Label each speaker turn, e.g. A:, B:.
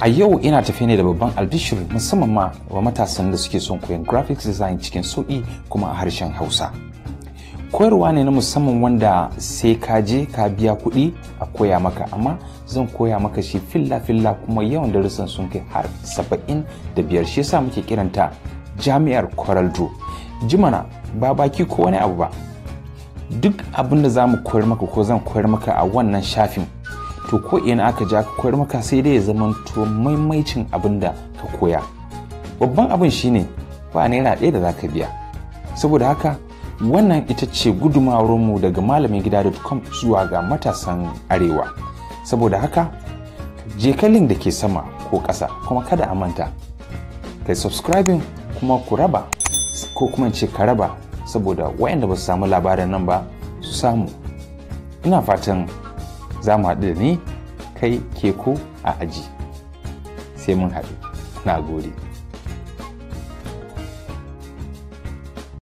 A: a yau ina tafe ne da babban albishir musamman ma wa matasan da suke son koyon graphics design cikin sauƙi kuma a harshen hausa koyarwa ne na musamman wanda sai ka je ka biya kuɗi a koya maka amma zan koya maka shi filla-filla kuma yawan darussan sun kai har saba'in da biyar shi yasa muke kiranta jami'ar coral jimana ba baki ko wani abu ba duk abin da za mu koyar maka ko zan koyar maka a wannan shafin to ko ina aka ja ka koyar maka sai dai ya zama to maimaicin abin da ka koya babban abin shine ba naira ɗaya da za ka biya saboda haka wannan ita ce mu daga malamin gida.com zuwa ga matasan arewa saboda haka je kalin da ke sama ko ƙasa kuma kada a manta kai subscribing kuma ku raba ko kuma ce ka raba saboda waɗanda ba su samu labarin nan ba su samu ina fatan za mu haɗu da ni kai ke a aji sai mun haɗu na gode